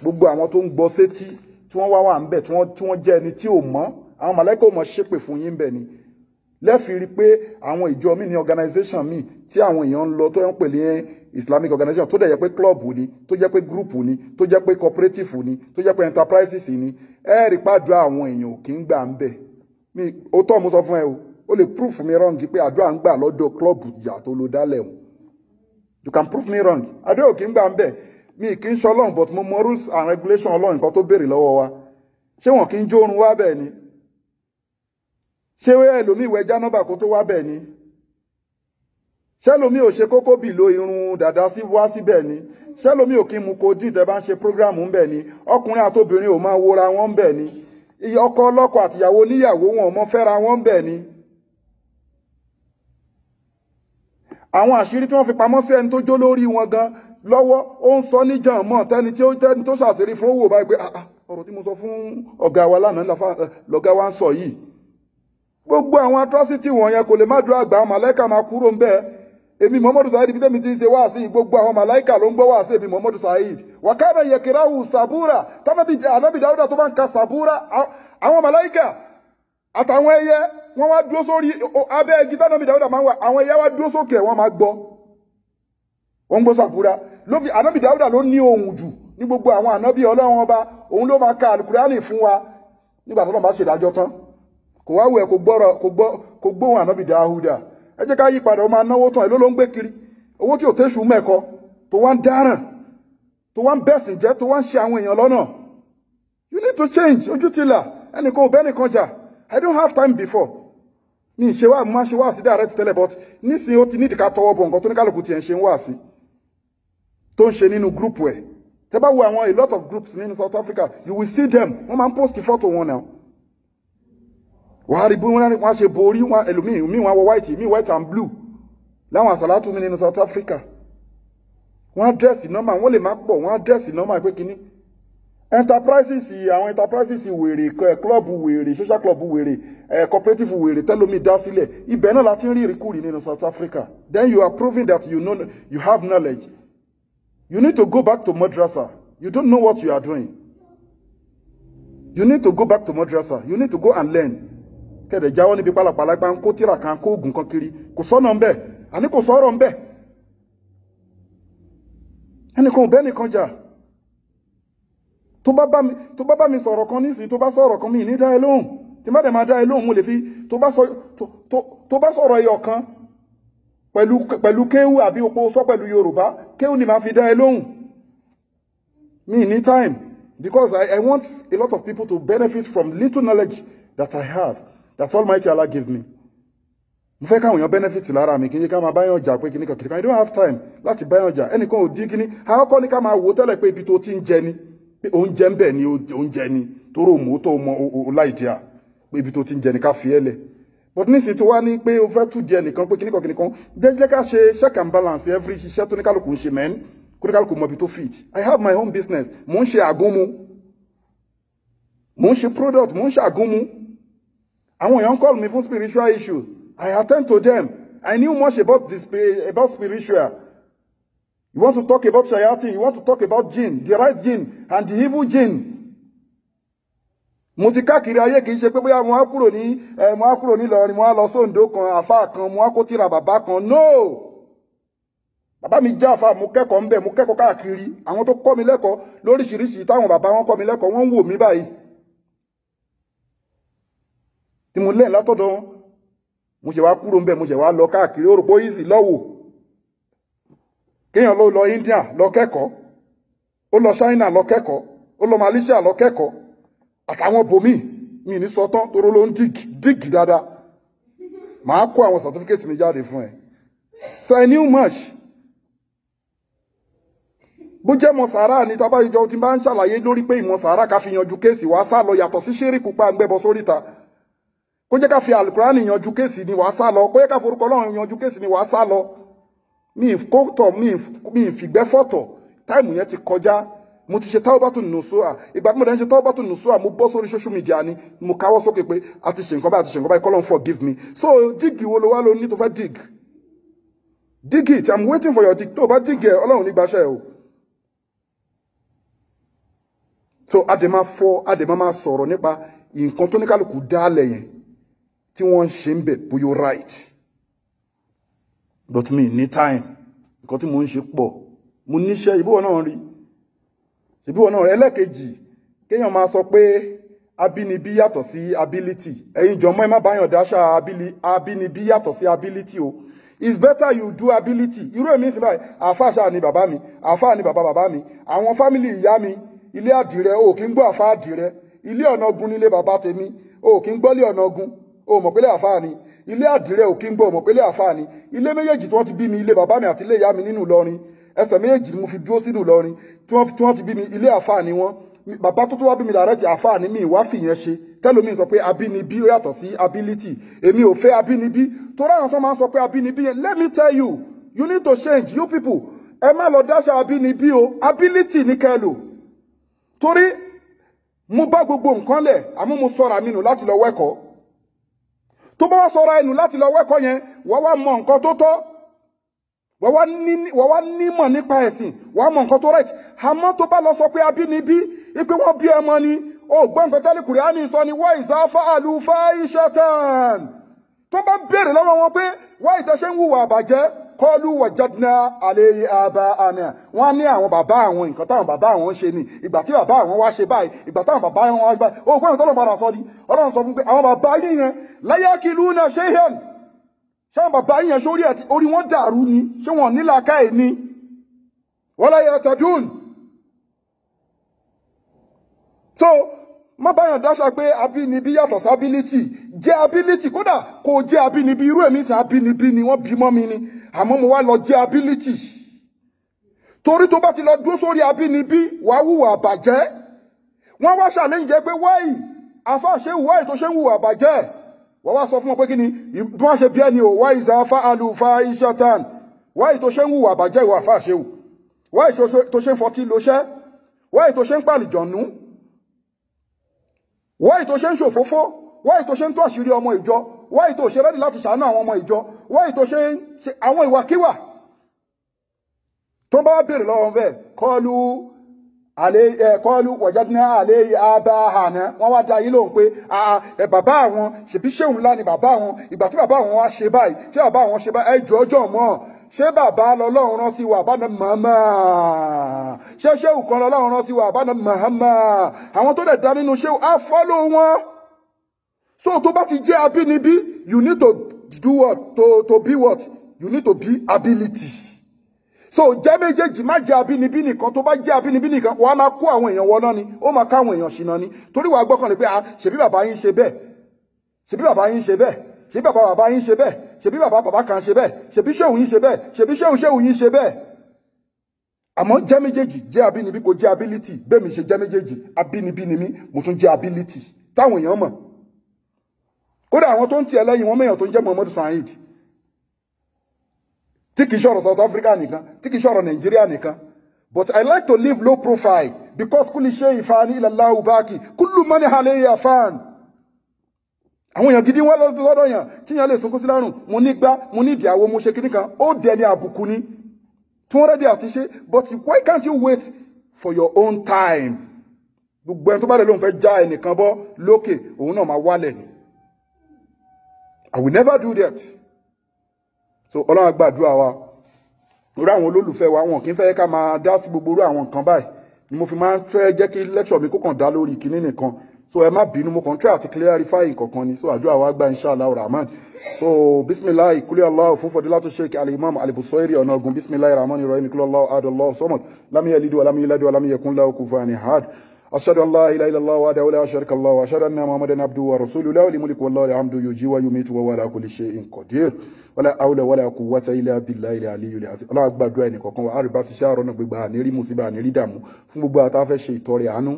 gbogbo àwọn tó ń gbọ́ sétí tí wọ́n wá wà ń bẹ̀ tí wọ́n jẹ́ ẹni tí ò mọ̀ àwọn màlẹ́kọ̀ mọ̀ ṣépè fún yín bẹ̀ ni lẹ́fì pé àwọn ìjọ mi ní organization mi tí àwọn èèyàn ń lọ tó ń pè ní islamic organization tó dẹ̀ jẹ́ pé club ni tó jẹ́ pé group ni tó jẹ́ pé cooperative ni tó jẹ́ pé enterprises ni ẹ rí pàdúrà àwọn èèyàn ò kí ń gbà ń bẹ̀ mi ó tọ́ mo sọ fún ẹ o ó lè proof mi wrong pé àdúrà ń gbà lọ́dọ̀ club ìyà tó lo dálẹ̀ o you can prove me wrong àdúrà ò kí ń gbà ń bẹ̀ mi kì í ṣe ọlọ́run but mo mọ rules and regulation ọlọ́run nǹkan tó béèrè lọ́wọ́ wa ṣé wọn kì í jórun wá bẹ́ẹ̀ ni ṣé ẹlòmíì wẹ jánábà kó tó wá bẹ́ẹ̀ ni ṣẹlòmí ò ṣe kókó bì lo irun dàda sí wá síbẹ̀ ni ṣẹlòmí ò kí mu codeine tẹ bá ń ṣe programu ń bẹ̀ ni ọkùnrin ò máa wora wọn ń ni iye ọkọ ọlọkọ àtìyàwó oníyàwó wọn ọmọ fẹ́ra wọn ń ni. àwọn àṣírí tí fi pamọ́ sí ẹni tó jó lórí wọn gan lọwọ ó ń sọ níjàn tí ó ṣàṣírí fún owó báyìí pé ah, ah, mo sọ fún ọgá wa lánàá wa ń sọ gbogbo àwọn atrocity kò lè má dúró àgbà máa kúrò èmi muhammadu saheed bí tẹ́mi ti ṣe wá sí gbogbo àwọn màláìkà ló ń gbọ́ wá sí èmi muhammadu saheed wakana yekirahu sabura tanabi anabi dawuda tó bá ń ka sabura àwọn màláìkà àtàwọn ẹyẹ wọn wá dúró sórí abẹ́ igi tanabi dawuda máa ń wà àwọn ẹyẹ wá dúró sókè wọn máa gbọ́ wọn gbọ́ sabura lófi anabi dawuda ló ní ohùn jù ní gbogbo àwọn anabi ọlọ́run ọba ẹ jẹ́ ká yí padà ó máa náwó tán ẹ̀ ló ló ń gbé kiri owó tí ò tẹ́sù mẹ́kọ tó wá ń dáràn tó wá ń bẹ̀sìn jẹ́ tó wá ń ṣe àwọn èèyàn lọ́nà you need to change ojú ti là ẹnìkan ò bẹ́nìkan jà I don't have time before mi ṣe wá máa ṣe wá sí dáa rẹ ti tẹ́lẹ̀ but nísìnyí ó ti ní ìdíkà tọwọ́ bọ̀ nǹkan tó ní kálukú tiẹ̀ ń ṣe ń wá sí tó ń ṣe nínú group ẹ̀ tẹ́ bá wo àwọn a lot of groups nínú South Africa you will see them wọ́n máa ń post fọ́tò wọn náà wọ́n á rí bí wọ́n ṣe borí wọn ẹlòmíì míì wọ́n wọ white míì white and blue láwọn àsàlátù mi nínú South Africa wọ́n á dírẹ́sì normal wọ́n lè má pọ̀ wọ́n á dírẹ́sì normal pé kínní enterprises àwọn enterprises wèrè eh, club wèrè social club wèrè eh, cooperative wèrè tẹlomi dá sílẹ̀ ibẹ̀ náà láti rí ìrìkúrì nínú South Africa then you are proving that you know you have knowledge you need to go back to madrasa you don't know what you are doing you need to go back to madrasa you need to go and learn kẹ̀dẹ̀ jáwọ́ níbi pálapàla pa ń kó tíra kan kó oògùn kan kiri kò sọ́nà ń bẹ̀ àní kò sọ́rọ̀ ń bẹ̀ ẹnìkan ò bẹ́ẹ̀ nìkan jà tó bá bá mi sọ̀rọ̀ kan nísìnyí tó bá sọ̀rọ̀ kan mi ní dá ẹ lóhùn tí má dẹ̀ máa dá ẹ lóhùn mo lè fi tó bá sọ̀rọ̀ ẹyọ kan pẹ̀lú kéwù àbí opó sọ pẹ̀lú Yorùbá kéwù ni màá fi dá ẹ lóhùn mi ní time because I, I want a lot of people to benefit from little knowledge that I have that Almighty Allah give me mo fẹ́ káwọn èèyàn benefit lára mi kí n yé ká máa báyọ̀ jà pé kíní kan kìrìkan I don't have time láti báyọ̀ jà ẹnìkan ò dín kíní how come ni ká máa wò tẹ́lẹ̀ pé ibi tó ti ń jẹ ni pé oúnjẹ ń bẹ̀ ni oúnjẹ ni tóró mú tó mọ láìdíà pé ibi tó ti ń ni ká fi ẹ́ but nísìnyí tó wá ní pé o fẹ́ tún jẹ nìkan pé kíní kan kíní kan jẹ́jẹ́ ká ṣe check and balance every iṣẹ́ tó ní kálukú ń ṣe mẹ́n kó ní kálukú mọ ibi tó fit I have my own business mò ń ṣe àgúnmu mò ń ṣe product mò ń ṣe àgúnmu àwọn èèyàn call mi fún spiritual issue I attend to them I knew much about this about spiritual you want to talk about shayatin you want to talk about jinn the right jinn and the evil jinn mo ti káàkiri ayé kì í ṣe pé bóyá mo á kúrò ní eh, mo á kúrò nílọrin mo á lọ sóńdó kan àfáà kan mo á kó tíra bàbá kan no bàbá mi já àfáà mo kẹ́kọ̀ọ́ ńbẹ̀ mo kẹ́kọ̀ọ́ káàkiri àwọn tó kọ́ mi lẹ́kọ̀ọ́ lóríṣiríṣi táwọn bàbá wọn kọ́ mi lẹ́kọ̀ọ́ wọ́n ń wò mí báyìí tí mo lẹ́ẹ̀ látọ̀dọ̀ wọn mo ṣe wá kúrò ńbẹ̀ mo ṣe lọ India lọ keko o lo China lọ keko o lo Malaysia lọ keko àtàwọn bomi mi ni sọtán toró ló ń dìgì dìgì dáadáa màá satifiketi àwọn certificate mi jáde fún ẹ so I knew much bó jẹ́ mọ̀ sàárà ni ti bá ń ṣàlàyé lori pe ìmọ̀ fi kó jẹ́ ká fi alukurani yanjú kéèsì ni wàá sá lọ kó jẹ́ ká forúkọ ọlọ́run yanjú kéèsì ni wàá sá lọ mi kóòtọ̀ mi fìgbẹ́ fọ̀tọ̀ táìmù yẹn ti kọjá mo ti ṣe táwọ́bátù nùsùà ìgbà tí mo dẹ̀ ń ṣe táwọ́bátù nùsùà mo bọ́ sórí social media ni mo káwọ́ sókè pé a ti ṣe nǹkan báyìí a ti ṣe nǹkan báyìí kọ́lọ́n forgive me so dig wo ló wá ló ní tó fẹ́ dig dig it i'm waiting for your dig tó o bá dig ẹ ọlọ́run ní gbaṣẹ́ o so adema fọ adema máa sọ̀rọ̀ nípa nǹkan tó ní kálukú dálẹ̀ yẹn tí wọ́n ń ṣe ń bẹ̀ bóyá right but me ní time nǹkan tí mo ń ṣe pọ̀ mo níṣẹ́ ìbúwọ̀ náà rí ìbúwọ̀ náà rí ẹlẹ́ẹ̀kejì kéèyàn máa sọ pé abínibí yàtọ̀ sí ability ẹ̀yin jọ̀mọ́ ẹ má báyàn dáṣà abínibí yàtọ̀ sí ability o it's better you do ability irú èmi sì báyìí àáfàá ṣáà ni bàbá mi àáfàá ni bàbá bàbá mi àwọn fámìlì ìyá mi ilé àdìrẹ o kì í gbọ́ àáfàá àdìrẹ ilé ọ̀nà ogun nílé bàbá tèmi o kì í gbọ́lé ọ̀nà ogun o mọ̀ pélé àfáà ni ilé àdìrẹ òkè ń gbọ́ mọ̀ pélé àfáà ni ilé méjèèjì tí wọ́n ti bí mi ilé bàbá mi àti ilé ìyá mi nínú Ìlọrin ẹsẹ̀ méjèèjì ni mo fi dúró sínú Ìlọrin tí wọ́n ti bí mi ilé àfáà ni wọ́n bàbá tó tún wá bí mi dàrẹ́ ti àfáàní mi ìwá fìyẹn ṣe tẹ́lómi sọ pé abínibí ó yàtọ̀ sí ability èmi ò fẹ́ abínibí torí àwọn tó máa ń sọ pé abínibí yẹn let me tell you you need to change you people ẹ má lọ dáṣà abínibí o ability ní kẹlò torí mo bá gbogbo nǹkan lẹ̀ àmú mo sọra mi láti lọ wẹ́kọ̀ọ́ tó bá wá sọra ẹnu láti lọ wẹ́kọ́ yẹn wọ́n wá mọ nǹkan tó tọ́ wọ́n wá nímọ̀ nípa ẹ̀sìn wọ́n á mọ nǹkan tó right àmọ́ tó bá lọ sọ pé abínibí ipe wọ́n bí ẹmọ ni ó gbọ́ nǹkan tẹ́lẹ̀ kùrìánì sọ ni wọ́n ìsá fáàlù fáìṣẹ́tàn tó bá ń béèrè lọ́wọ́ wọn pé wọ́n ìtẹ́ṣẹ́ ń hùwà àbàjẹ́ kọ́lù wọ̀jọ́dúnà àlẹ́ àbá àmì à wọ́n á ní àwọn bàbá àwọn nǹkan táwọn bàbá àwọn ṣe ni ìgbà tí bàbá àwọn wá ṣe báyìí ìgbà táwọn bàbá àwọn wá ṣe báyìí ó gbọ́dọ̀ tọ́lọ̀ padà sọ ni ọlọ́run sọ fún pé àwọn bàbá yín yẹn láyé kí náà ṣe hẹ́n ṣé àwọn bàbá yín yẹn sórí àti orí wọn dàrú ni ṣé wọn ní làákàyè ni wọ́n láyé ọ̀tọ̀dún. so má báyàn dáṣà pé abínibí yàtọ̀ sí ability jẹ́ ability kódà kò jẹ́ abínibí irú èmi sàn abínibí ni wọ́n bímọ mi ni àmọ́ mo wá lọ jẹ́ ability torí tó bá ti lọ dúró sórí abínibí wàá hùwà àbàjẹ́ wọ́n wá ṣàlẹ́yìn jẹ́ pé wáyì àfáàṣe wáyì tó ṣe ń hùwà àbàjẹ́ wọ́n wá sọ fún wọn pé kí ni bí wọ́n ṣe bí ẹni o wáyì zafa alufa ishatan wáyì tó ṣe ń hùwà àbàjẹ́ ìwà àfáàṣe wáyì tó ṣe ń fọtí lóṣẹ́ wáyì tó ṣe ń pàlìjọ̀nù wáyé tó ṣe ń ṣòfófó wáyé tó ṣe ń tó àṣírí ọmọ ìjọ wáyé tó ṣe rẹ́dì láti ṣàánú àwọn ọmọ ìjọ wáyé tó ṣe ń ṣe àwọn ìwàkíwà tó bá béèrè lọ́wọ́ bẹ́ẹ̀ kọlu kọlu wọ̀jádínà àlẹ́ àbá àná wọ́n wá dá yín lóhùn pé ẹ bàbá àwọn ṣèbí ṣéun ńlá ni bàbá àwọn ìgbà tí bàbá àwọn wá ṣe báyìí tí bàbá àwọn ṣe báyìí ẹ jọjọ mọ́ ṣé bàbá lọ́lọ́run rán sí wa àbáná màmá ṣé ṣéwù kan lọ́lọ́run rán sí wa àbáná màmá àwọn tó dẹ̀ dá nínú ṣéwù á fọ́lọ́ wọn so tó bá ti jẹ́ abínibí you need to do what to to be what you need to be ability so jẹ́ méjèèjì má jẹ́ abínibí nìkan tó bá jẹ́ abínibí nìkan wàá máa kó àwọn èèyàn wọná ni ó máa ká àwọn èèyàn ṣìnà ni torí wàá gbọ́kànlé pé ah, ṣèbí bàbá yín ṣe bẹ́ẹ̀ ṣèbí bàbá yín ṣe bẹ́ẹ̀ ṣèbí bàbá bàbá yín ṣe bẹ́ẹ̀ ṣebí baba bàbá kan ṣe bẹ́ẹ̀ ṣebí ṣéhùn yín ṣe bẹ́ẹ̀ ṣebí ṣéhùn ṣéhùn yín ṣe bẹ́ẹ̀ àmọ́ jẹ́ méjèèjì jẹ́ abínibí kò jẹ́ ability bẹ́ẹ̀mi ṣe jẹ́ méjèèjì abínibí ni mí mo tún jẹ́ ability táwọn èèyàn mọ̀ kódà àwọn tó ń tiẹ̀ lẹ́yìn wọn mẹ́yàn tó ń jẹ́ Muhammadu Saheed tí kì í ṣọ̀rọ̀ South Africa nìkan tí kì í ṣọ̀rọ̀ Nàìjíríà nìkan but I like to live low profile because kúlì ṣe ìfani ilẹ̀ ubaki kúlù mọ́ni halẹ́ yà àwọn èèyàn gidi wọn lọ́dọ̀ yàn tíyàn lè sunkún sí lárùn mo ní gbá mo ní ìdíyàwó mo ṣe kíní kan ó dẹni àbùkù ni tí wọ́n rẹ́dí àti ṣe but why can't you wait for your own time gbogbo ẹni tó bá lè lóun fẹ́ já ẹnìkan bọ́ lókè òun náà máa wálẹ̀ ni I will never do that so ọlọ́run gbàdúrà wa irú àwọn olólùfẹ́ wa wọn kì í fẹ́ ká máa dá sí gbogbo irú àwọn nǹkan báyìí ni mo fi máa ń fẹ́ jẹ́ kí lecture mi kó kàn dá lórí kíní nìkan so ẹ má bínú mo kàn try àti clarify nǹkankan ni so àdúrà wa gba inshallah rahman so bisimilahi kuli allah fún fọdúlá tó sheik alimam alibusoiri ọ̀nàgùn bisimilahi rahman irọ́yìn kuli allah adọ́lọ́ sọmọ lámìyẹ lidu alámìyẹ ladu alámìyẹ kúnlá okùnfà ni hard. أشهد أن لا إله إلا الله وحده لا شريك له وأشهد أن محمدا عبده ورسوله له الملك والله الحمد يحيي ويميت وهو على كل شيء قدير ولا حول ولا قوة إلا بالله العلي العظيم Ọlọ́run àgbàdo ẹnì kọ̀ọ̀kan wa àrùbá ti ṣàárọ̀ náà gbégbá àníri mùsíbà àníri dààmú fún gbogbo àtàfẹ́ ṣe ìtọrẹ àánú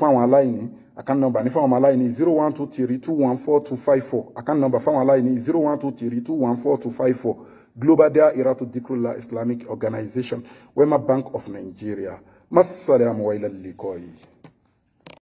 fún àwọn aláìní account number ní fún àwọn aláìní zero one two three two one four two five four account number fún àwọn aláìní zero one two three two one four two five four Global Irato Dhikrlahi Islamic Organization Wema Bank of Nigeria. Massalamu wa ilal